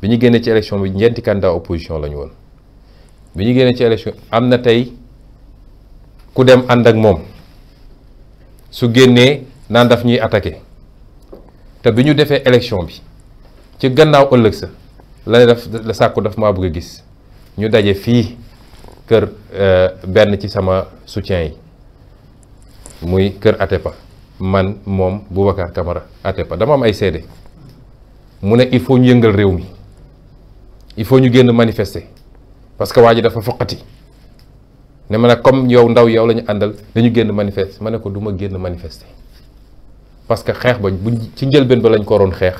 bi ñu génnee ci élection bi ñeenti candidat opposition la woon bi ñu génnee ci élection am na tey ku dem ànd ak moom su génnee naan daf ñuy attaqué te bi ñu defee élection bi ci gannaaw ëllëg sa la ne daf la sàkku daf maa bëgg gis ñu daje fii kër euh, benn ci sama soutien yi muy kër Atepa man moom Boubacar Camara Atepa dama am ay seede mu ne il faut ñu yëngal réew mi il faut ñu génn manifester parce que waa ji dafa foqati ne ma nag comme yow ndaw yow la ñu àndal dañu génn manifester ma ne ko du génn manifester parce que xeex ba buñ ci njëlbeen ba lañ ko waroon xeex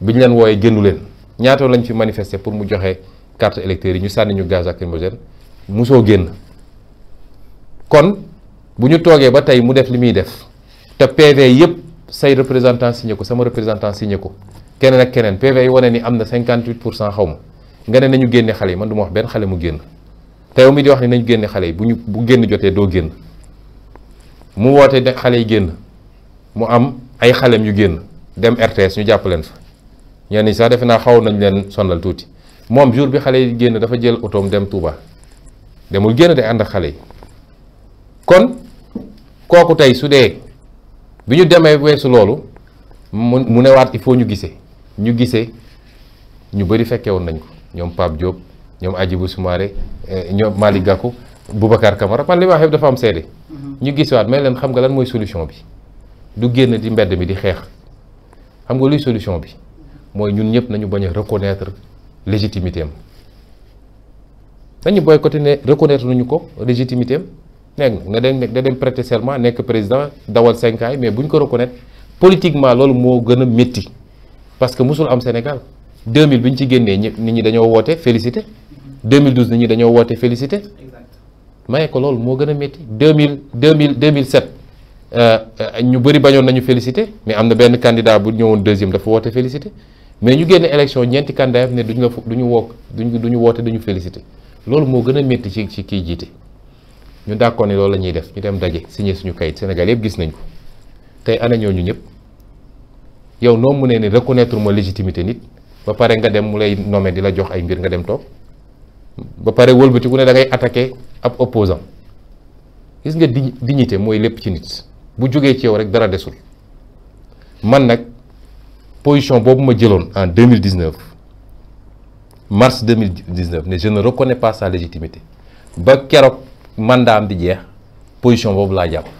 biñ leen wooyee génnu leen ñaata lañ fi manifester pour mu joxe carte électeur yi ñu sànni ñu gaz lacrymogène musoo génn kon bu ñu toogee ba tey mu def li muy def te PV yëpp say représentant signé ko sama représentant signé ko keneen ak keneen PV yi wane ni am na 58 pour cent xaw ma nga ne nañu génne xale yi man du ma wax benn xale mu génn te yow mi di wax ni nañu génne xale yi bu ñu bu génn jotee doo génn mu woote de xale yi génn mu am ay xalem yu génn dem RTS ñu jàpp leen fa ñenn ñi sax defe naa xaw nañ leen sonnal tuuti moom jour bi xale yi génn dafa jël mu dem Touba demul génn de ànd ak xale yi kon kooku tey su dee bi ñu demee weesu loolu mu mu newaat il faut ñu gisee ñu gisee ñu bëri fekke woon nañ ko ñoom Pape Diop ñoom Adjibou Soumaré eh, ñoom Malick Gakou Boubacar Camara man li ma wax dafa am seede. Mhm. ñu gis waat may leen xam nga lan mooy solution bi du génn di mbedd mi di xeex xam nga luy solution bi mooy ñun ñëpp nañu bañ a reconnaître légitimité am nañu boycotté ne reconnaître nañu ko légitimité am nekk na nga dem da dem prêter serment nekk président dawal cinq mais bu ñu ko reconnaître politiquement loolu moo gën a métti parce que musul am Sénégal. mille bi ñu ci génnee nit ñi dañoo woote félicité 2012 nit ñi dañoo woote félicité ma ne ko loolu moo gën a deux mille 2000 mille 2007 euh, euh, ñu bëri bañoon nañu félicité mais am na benn candidat bu ñëwoon deuxième dafa woote félicité mais ñu génne élection ñeenti candidat ne duñu la duñu wokk duñu duñu woote duñu félicité loolu moo gën a métti ci ci kii jiite ñu d'accord ne loolu la ñuy def ñu dem daje siñe suñu kayit Sénégal yëpp gis nañ ko tey ana ñooñu ñëpp yow noo mu ne ni reconnaître ma légitimité nit ba pare nga dem mu lay nommer di la jox ay mbir nga dem toog ba pare wëlbati ku ne da ngay attaquer ab opposant gis nga dignité mooy lépp ci nit bu jógee ci yow rek dara desul man nag position boobu ma jëloon en 2019 mars 2019 ne je ne reconnais pas sa légitimité ba keroog mandat am di jeex position boobu laa jàpp